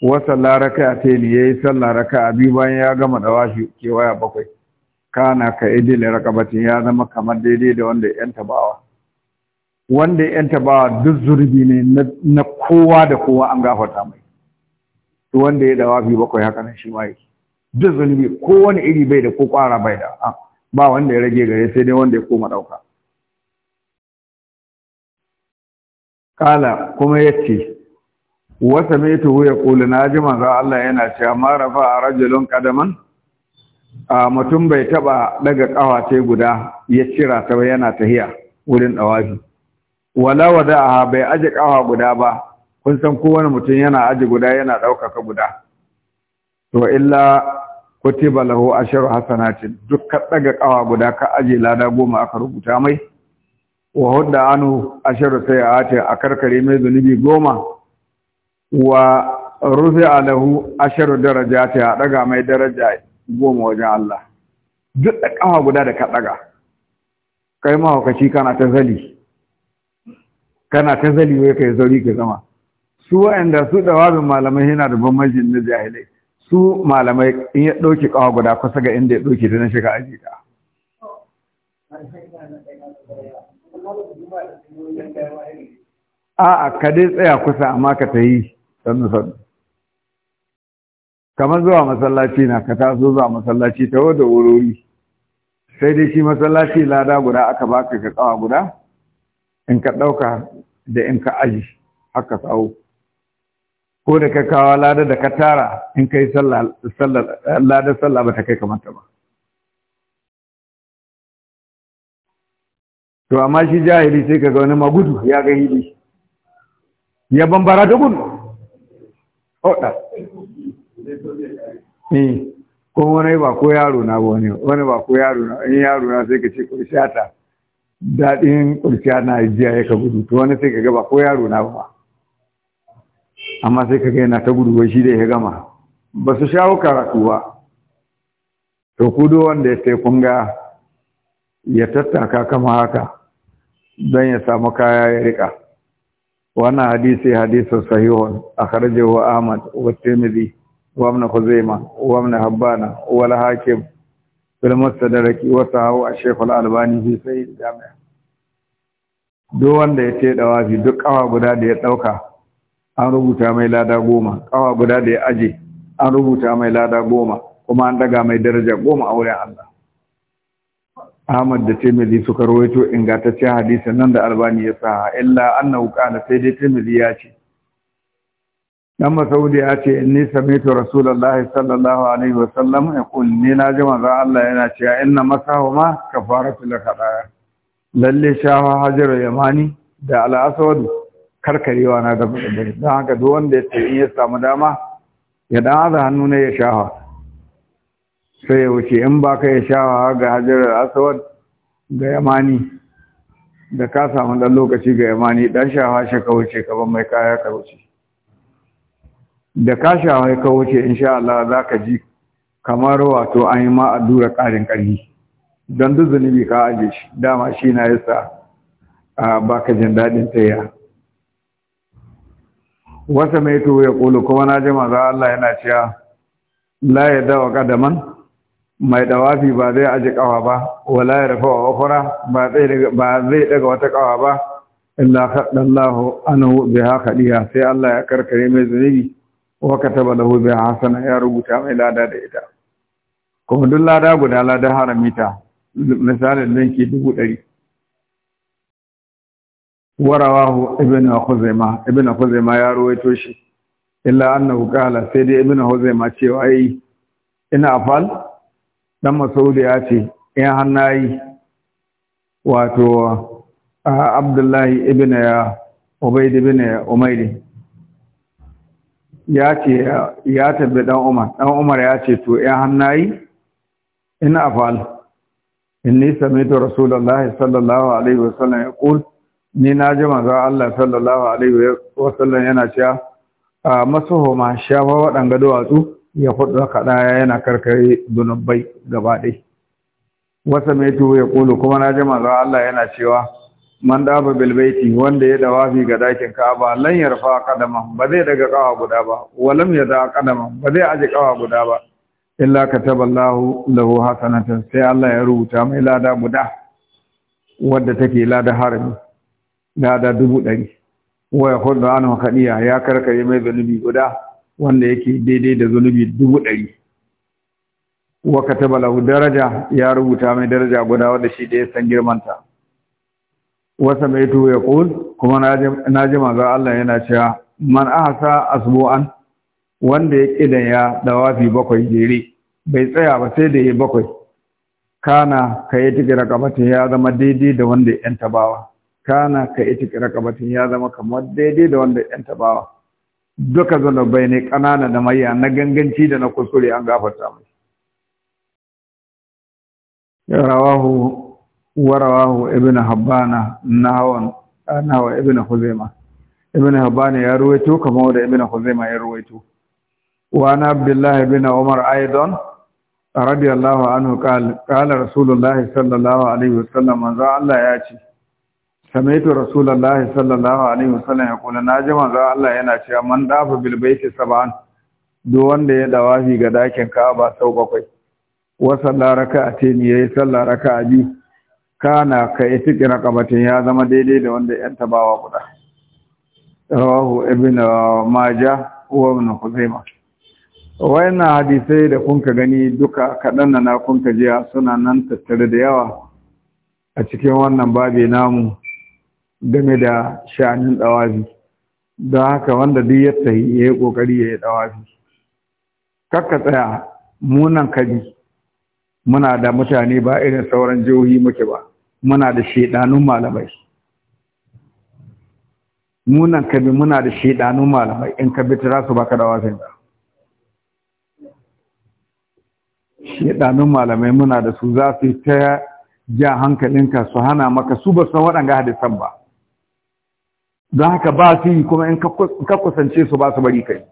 wasa laraka a teli ya yi sallah a biyu bayan ya gama da washi kewaya bakwai kana ka idil rakabatin ya zama kamar daidai da wanda yan tabawa wanda yan tabawa duk zurbi ne na kowa da kowa an gafarta mai to wanda ya dawa biyu bakwai haka nan shi ma yake duk ko kowane iri bai da ko kwara bai da ba wanda ya rage gare sai dai wanda ya koma ɗauka. Kala kuma yace. ya sami'tuhu na naji manzo Allah yana cewa ma a rajulun qadaman a mutum bai taba daga kawace guda ya cira ta yana tahiya wurin ɗawafi. wala wada'aha bai aje kawa guda ba kun san kowane mutum yana aje guda yana ɗaukaka guda to illa kutiba lahu asharu hasanatin duk ka daga kawa guda ka aje lada goma aka rubuta mai wa hudda anu asharu sayyi'ati a karkare mai zunubi goma wa rufe alahu asharu daraja ta daga mai daraja goma wajen Allah duk da kawa guda da ka daga kai mahaukaci kana ta zali kana ta zali wai kai zauri ka zama su wa'anda su dawabin malamai yana da bambancin na jahilai su malamai in ya ɗauki kawa guda kusa ga inda ya ɗauki ta na shiga aji ta a'a ka dai tsaya kusa amma ka ta yi dan sannu kamar zuwa masallaci na ka taso zuwa masallaci ta wada wurori sai dai shi masallaci lada guda aka baka ka tsawa guda in ka ɗauka da in ka aji haka tsawo ko da ka kawo lada da ka tara in ka yi lada sallah ba ta kai kamata ba to amma shi jahili sai ka ga wani magudu ya ga hili ya bambara da gudu ní eh ko wani ba ko yaro na ba wani wani ba ko yaro na náà yaro na sai ka ce kurciya ta daɗin kurciya na jiya ya ka gudu to wani sai ka ga ba ko yaro na ba amma sai ka ga yana ta gudu wai shi dai ya gama ba su shawo karatu ba to kudo wanda ya sai kunga ya tattaka kama haka don ya samu kaya ya rika wannan hadisi hadisun sahihun akhrajahu Ahmad wa Tirmidhi wa Ibn Khuzaimah wa Ibn Hibban wa al-Hakim fil Mustadrak wa sahahu Sheikh al-Albani fi Sahih Jami' duk wanda ya ce dawafi duk kawa guda da ya dauka an rubuta mai lada goma kawa guda da ya aje an rubuta mai lada goma kuma an daga mai daraja goma a wurin Allah Ahmad da Tirmidhi suka rawaito ingantaccen hadisin nan da Albani ya sa illa annahu qala sai dai Tirmidhi ya ce dan Masaudi ya ce inni sami'tu Rasulullahi sallallahu alaihi wa sallam yaqul ni na ji manzo Allah yana cewa inna masahuma kafaratu lakadaya lalle shawa hajar yamani da al-aswad karkarewa na da dan haka duk wanda ya ce in ya samu dama ya dan hannu ne ya shawa sai ya wuce in ba ka yi shawara ga hajjarar Asawar ga yamani da ka samu ɗan lokaci ga yamani ɗan shawa shi ka wuce ka mai kaya ka wuce da ka shawa ka wuce in sha Allah za ka ji kamar wato an yi ma allura ƙarin ƙarfi don duk zunubi ka aje shi dama shi na sa a baka jin daɗin tsaye wasa mai tuwo ya ƙulu kuma na ji maza Allah yana cewa la ya dawa ƙadaman mai dawafi ba zai aji kawa ba wala ya rafa wa ukura ba zai ba zai daga wata kawa ba illa khadallahu anhu biha khadiya sai Allah ya karkare mai zunubi wa kataba lahu bi hasana ya rubuta mai lada da ita kuma duk lada guda lada haramita misalin linki dubu ɗari warawahu ibn khuzaima ibn khuzaima ya ruwaito shi illa annahu qala sai dai ibn khuzaima cewa ai ina afal dan masaudi ya ce in hannayi wato abdullahi ibn ya ubaid ibn umairi ya ce ya tabbi dan umar dan umar ya ce to in hannayi in afal inni samitu rasulullahi sallallahu alaihi wasallam yaqul ni na ji manzo Allah sallallahu alaihi wasallam yana cewa masuhuma shafa wadanga duwatsu ya hudu kaɗa yana karkare dunubai gaba dai wasa mai ya ƙulu kuma na ji manzo Allah yana cewa man daba bilbaiti wanda ya dawafi ga dakin ka'aba lan yarfa qadama ba zai daga kawa guda ba walam yada qadama ba zai aje kawa guda ba illa Allahu lahu hasanatan sai Allah ya rubuta mai lada guda wadda take lada harami lada dubu ɗari wa ya hudu anu kadiya ya karkare mai zunubi guda wanda yake daidai da zunubi dubu ɗari wa kataba lahu daraja ya rubuta mai daraja guda wadda shi da ya san girmanta wasa mai tuwo ya ƙul kuma na ji maza Allah yana cewa man ahsa asbu'an wanda ya ƙidan ya dawafi bakwai jere bai tsaya ba sai da ya bakwai kana ka yi tikira kabatin ya zama daidai da wanda ya kana ka yi tikira ya zama kamar daidai da wanda ya tabawa duka bai ne ƙanana da maiya na ganganci da na kuskure an gafarta mai rawahu rawahu ibn habbana nahwan nahwa ibn huzaima ibn habbana ya ruwaito kamar da ibn huzaima ya ruwaito wa na abdullahi ibn umar aidan radiyallahu anhu qala qala rasulullahi sallallahu alaihi wasallam manzo Allah ya ce samaitu rasulullahi sallallahu alaihi wasallam ya kula na ji manzo Allah yana cewa man dafa bil baiti sab'an duk wanda ya dawafi ga dakin Ka'aba sau bakwai wa raka'ati ne yayi sallar raka'a biyu kana ka itiki raqabatin ya zama daidai da wanda yan tabawa guda rawahu ibn majah wa ibn khuzaimah wayannan hadisai da kun ka gani duka kaɗan na kun ka jiya suna nan tattare da yawa a cikin wannan babi namu game da sha'anin ɗawafi don haka wanda duk ya tsayi ya yi ƙoƙari ya yi ɗawafi kakka tsaya munan kabi muna da mutane ba irin sauran jihohi muke ba muna da shaidanun malamai munan kabi muna da shaidanun malamai in ka tara su baka ka wasan da shaidanun malamai muna da su za su yi ta ja hankalinka su hana maka su ba san waɗanga hadisan ba za haka ba su yi kuma in ka kusance su ba su bari kai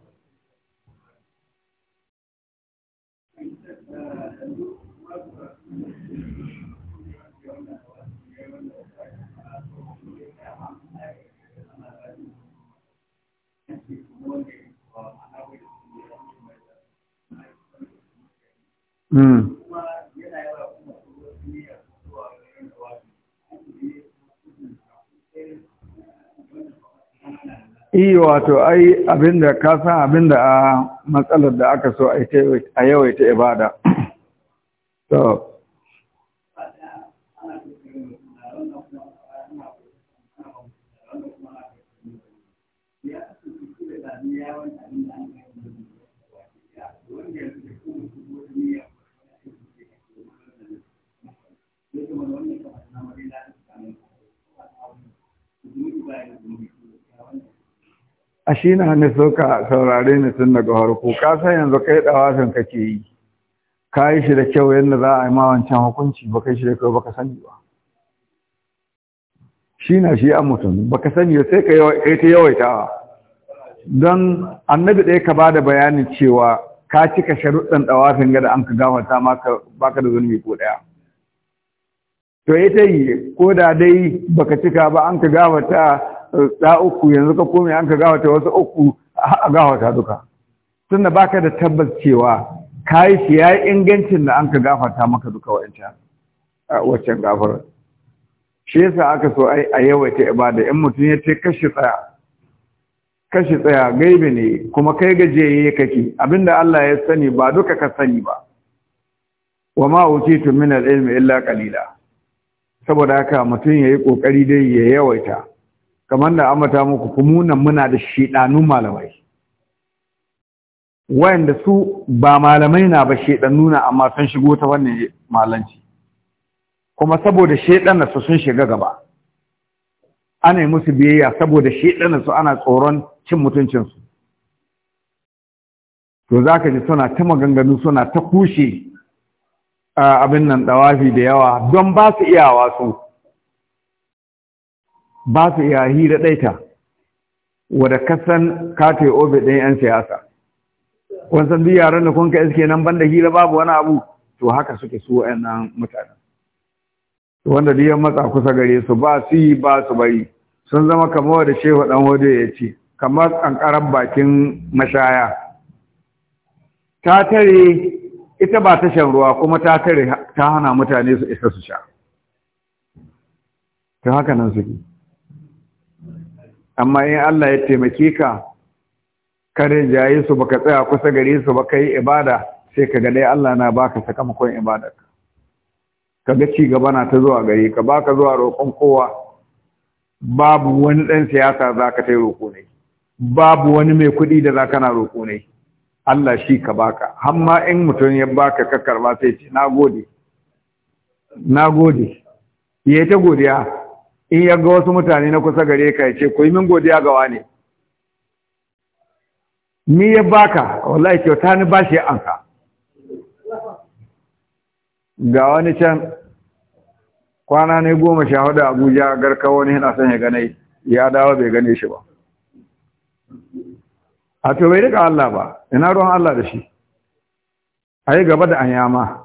Hmm. iya eh, wato ai abinda ka san abinda a matsalar da aka so a yawaita ibada So, shi na ne so ka saurare ni tun daga harko ka san yanzu kai dawafin kake yi ka yi shi da kyau yadda za a yi ma wancan hukunci ba kai shi da kyau ba ka sani ba shi na shi an mutum Ba ka sani ba sai yi ta yawaitawa don annabi ɗaya ka ba da bayanin cewa ka cika sharuɗan ɗawafin gada an ka gafarta maka baka da zunubi ko ɗaya to ita yi ko da dai baka cika ba an ka gafarta da uku yanzu ka kome an ka gawata wasu uku a gawata duka tunda baka da tabbas cewa ka yi shi yi ingancin da an ka gafata maka duka a waccan gafar shi yasa aka so a yawaita ibada in mutum ya ce kashi tsaya kashi tsaya gaibe ne kuma kai gajiyayye kake abinda Allah ya sani ba duka ka sani ba wa ma utitu min al-ilmi illa qalila saboda haka mutum yayi kokari dai ya yawaita kamar da amata muku kumunan muna da shidanun malamai wayanda su ba malamai na ba shedannu na amma sun shigo ta wannan malanci kuma saboda shedan su sun shiga gaba ana yi musu biyayya saboda shedan su ana tsoron cin mutuncin su to zaka ji suna ta maganganu suna ta kushe abin nan dawafi da yawa don ba su iyawa su ba su iya hira ɗaita wadda kasan kata obe ɗin 'yan siyasa wansan duk yaran da kun ka iske nan banda hira babu wani abu to haka suke su nan mutane wanda duk matsa kusa gare su ba su yi ba su bari sun zama kamar da shehu ɗan wadda ya ce kamar kankaran bakin mashaya ta tare ita ba ta shan ruwa kuma ta tare ta hana mutane su isa su sha ta haka nan suke amma in Allah ya taimake ka kare jaye su baka tsaya kusa gare su baka yi ibada sai ka ga dai Allah na baka sakamakon ibada. Ka ga ci gaba na ta zuwa gare ka baka zuwa roƙon kowa babu wani dan siyasa zaka tai roƙo ne babu wani mai kuɗi da zaka na roƙo ne Allah shi ka baka amma in mutum ya baka ka ba sai ce nagode nagode ya ta godiya in ya ga wasu mutane na kusa gare ka ce ku min godiya ga wane ni ya baka wallahi kyauta ni ba shi anka ga wani can kwana ne goma sha hudu abuja garka wani yana son ya ganai ya dawo bai gane shi ba a to bai rika Allah ba ina ruwan Allah da shi a yi gaba da anyama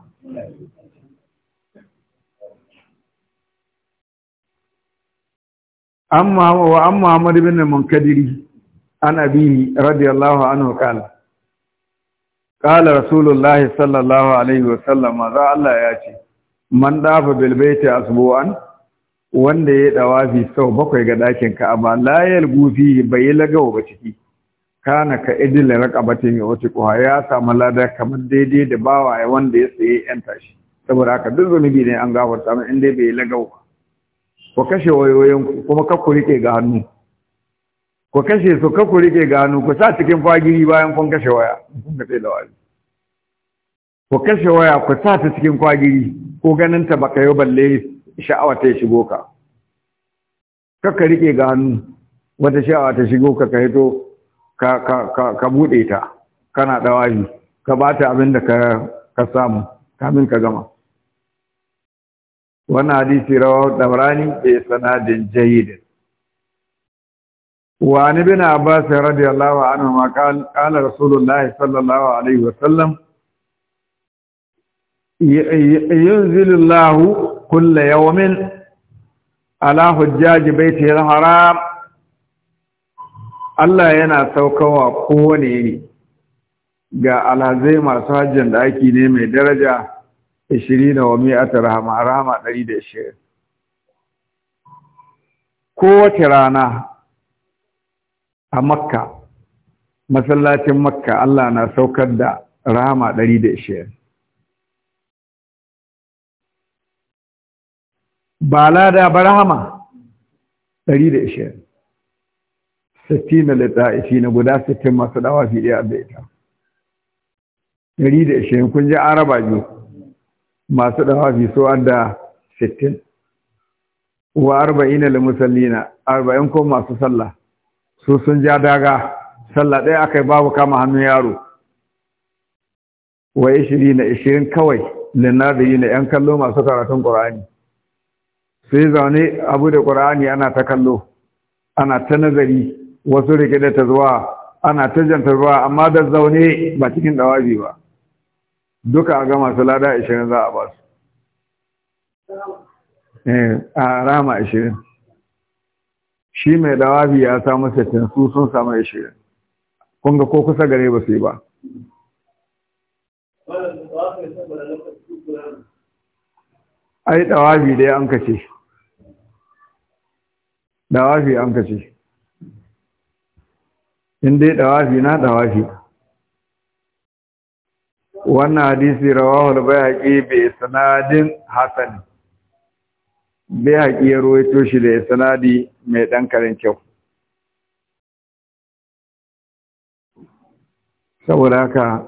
amma wa an muhammad bin munkadiri an abihi radiyallahu anhu kala kala rasulullahi sallallahu alaihi wa sallam za Allah ya ce man dafa bil baiti asbu'an wanda ya ɗawafi sau bakwai ga dakin ka'aba la gufi, bai lagawa ba ciki kana ka idil raqabatin ya wuce kuwa? ya samu lada kamar daidai da bawa wanda ya tsaye yan tashi saboda haka duk zunubi ne an gafarta in inda bai lagawa ku kashe wayoyinku kuma kakku rike ga hannu ku kashe su kakku rike ga hannu ku sa cikin fagiri bayan kun kashe waya kun ga da wani ku kashe waya ku sa ta cikin kwagiri ko ganin ta baka yau balle sha'awa ta shigo ka kakka rike ga hannu wata sha'awa ta shigo ka ka hito ka ka ka, ka bude ta kana dawahi ka bata abin da ka ka samu kamin ka gama wannan hadisi rawar tabarani bai sanadin jayidin wa ni bin abbas radiyallahu anhu ma qala rasulullahi sallallahu alaihi wasallam yunzilullahu kulla yawmin ala hujjaj baiti al-haram Allah yana saukawa kowane ga alhazai masu hajjin da ake ne mai daraja ishirina wa mi'ata rahama rahama ɗari da ishirin kowace rana a makka masallacin makka Allah na saukar da rahama ɗari da ishirin ba lada ba rahama ɗari da ishirin sittin da ishi na guda sittin masu dawa fiye da ita ɗari da ishirin kun ji an raba biyu masu dawafi so da sittin wa arba'ina lil musallina arba'in ko masu sallah su sun ja daga sallah ɗaya akai babu kama hannun yaro wa na ishirin kawai yi na yan kallo masu karatun qur'ani sai zaune abu da qur'ani ana ta kallo ana ta nazari wasu rike da ta zuwa ana ta janta zuwa amma da zaune ba cikin ɗawafi ba duka a ga masu lada ishirin za a ba su eh, a rama ishirin. shi mai dawabi ya samu 60 su sun samu ishirin. kun ga ko kusa gare ba su yi ba ai dawabi dai an kace dawabi an kace in dai dawabi na dawabi wannan hadisi rawahul bayhaqi bi sanadin hasan bayhaqi ya rawaito shi da sanadi mai dan karin kyau saboda haka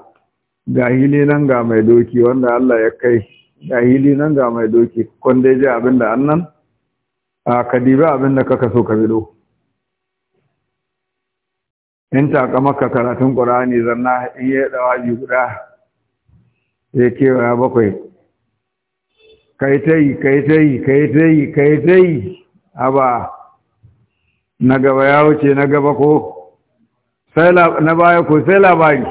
ga nan ga mai doki wanda Allah ya kai ga nan ga mai doki kun dai ji abin da annan a kadiba abin da kaka so ka bido in taka maka karatun Qur'ani zanna in ya dawa guda zai kewa bakwai ka yi ta yi ka yi ta yi ka yi ta yi ka yi ta yi haba na gaba ya wuce na gaba ko na baya ko sai labari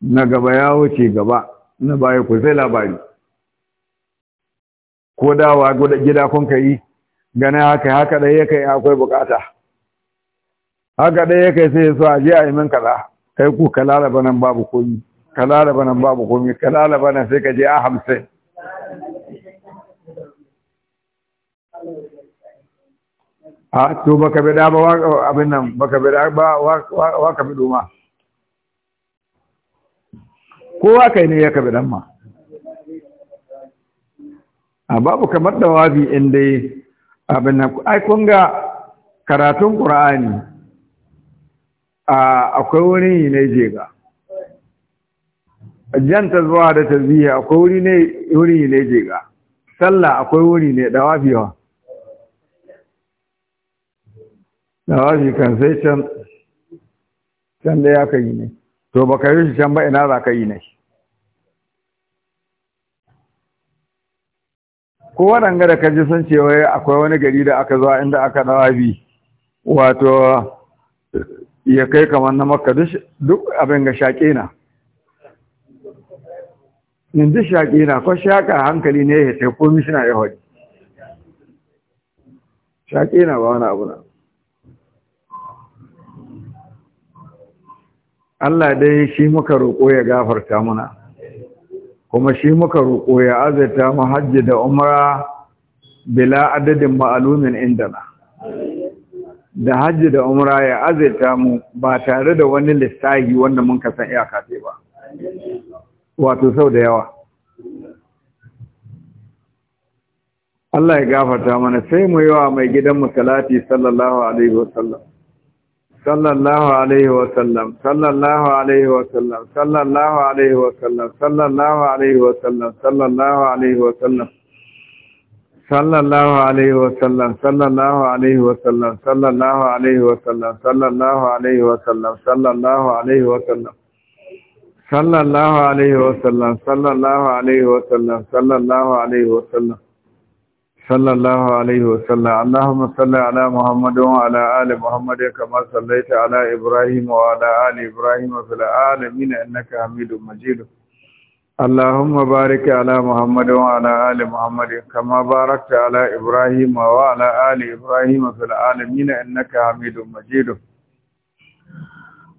na gaba ya wuce gaba na baya ko sai labari ko dawa gida kun ka yi haka haka ɗaya kai akwai bukata haka ɗaya kai sai ya so a je a yi min kaza kai ku ka lalaba nan babu komi ka lalaba nan babu komi ka lalaba nan sai ka je a hamsin a to baka bi da ba abin nan baka bi da ba wa ka bi doma kowa kai ne ya ka bi dan ma a babu kamar da wabi in dai abin nan ai kun ga karatun qur'ani a akwai wani ne jega janta zuwa da tarbiyya akwai wuri ne wuri ne ga sallah akwai wuri ne da wafi kan sai can can da ya kai ne to baka yi shi can ba ina za ka yi ne ko waɗanga da kaji sun ce wai akwai wani gari da aka zuwa inda aka dawafi wato ya kai kamar na makka duk abin ga shaƙe na yanzu shaƙi na kwa shaƙa hankali ne ya sai komi shi ya hajji shaƙi na ba wani abu na Allah dai shi muka roƙo ya gafarta muna kuma shi muka roƙo ya azata mu hajji da umra bila adadin ma'alumin indana da hajji da umra ya azata mu ba tare da wani lissahi wanda mun kasan iyaka ce ba wato sau da yawa Allah ya gafarta mana sai mu yawa mai gidan mu sallallahu alaihi wasallam sallallahu alaihi wasallam sallallahu alaihi wasallam sallallahu alaihi wasallam sallallahu alaihi wasallam sallallahu alaihi wasallam sallallahu alaihi wasallam sallallahu alaihi wasallam sallallahu alaihi wasallam sallallahu alaihi wasallam sallallahu alaihi wasallam sallallahu alaihi wasallam sallallahu alaihi wasallam sallallahu alaihi wasallam sallallahu alaihi wasallam Allahumma salli ala Muhammad wa ala ali Muhammad kama sallaita ala Ibrahim wa ala ali Ibrahim fil alamin innaka Hamidum Majid اللهم بارك على محمد وعلى آل محمد كما باركت على إبراهيم وعلى آل إبراهيم في العالمين إنك حميد مجيد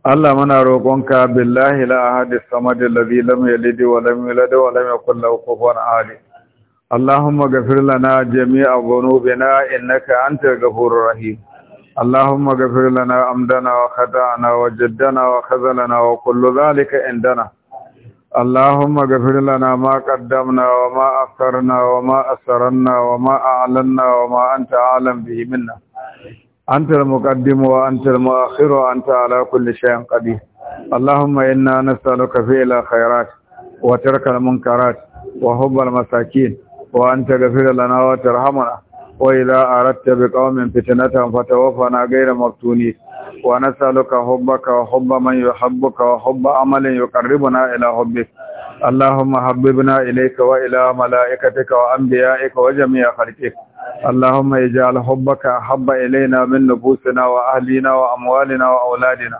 Allah muna roƙonka billahi la ahadis samadil ladhi lam yalid wa lam yulad wa lam yakul lahu kufuwan ahad Allahumma ghafir lana jami'a dhunubina innaka antal ghafurur rahim Allahumma ghafir lana amdana wa khata'ana wa jaddana wa khazalana wa kullu dhalika indana Allahumma ghafir lana ma qaddamna wa ma akharna wa ma asrarna wa ma a'lanna wa ma anta a'lam bihi minna أنت المقدم وأنت المؤخر وأنت على كل شيء قدير اللهم إنا نسألك فعل الخيرات وترك المنكرات وحب المساكين وأن تغفر لنا وترحمنا وإذا أردت بقوم فتنة فتوفنا غير مفتونين ونسألك حبك وحب من يحبك وحب عمل يقربنا إلى حبك اللهم حببنا إليك وإلى ملائكتك وأنبيائك وجميع خلقك اللهم اجعل حبك أحب إلينا من نفوسنا وأهلنا وأموالنا وأولادنا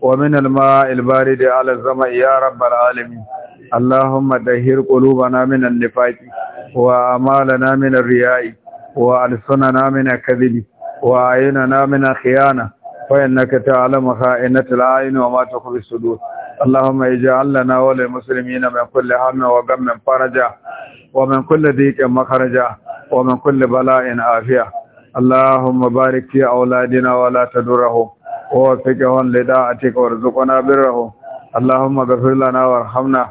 ومن الماء البارد على الزمع يا رب العالمين اللهم دهر قلوبنا من النفاق وأمالنا من الرياء وألسننا من الكذب وأعيننا من الخيانة فإنك تعلم خائنة العين وما تخفي الصدور اللهم اجعل لنا وللمسلمين من كل هم وغم فرجا ومن كل ضيق مخرجا ومن كل بلاء عافية اللهم بارك في أولادنا ولا تدرهم ووفقهم لداعتك وارزقنا برهم اللهم اغفر لنا وارحمنا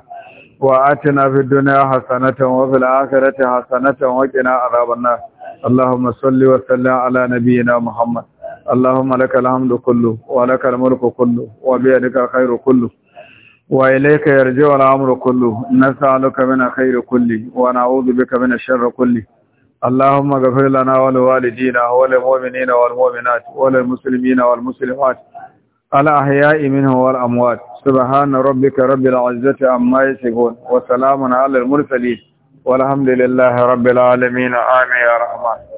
وآتنا في الدنيا حسنة وفي الآخرة حسنة وقنا عذاب النار اللهم صل وسلم على نبينا محمد اللهم لك الحمد كله ولك الملك كله وبيدك الخير كله وإليك يرجع الأمر كله نسألك من خير كله ونعوذ بك من الشر كله اللهم اغفر لنا ولوالدينا وللمؤمنين والمؤمنات وللمسلمين والمسلمات الأحياء منه والأموات سبحان ربك رب العزة عما يصفون وسلام على المرسلين والحمد لله رب العالمين آمين يا رحمن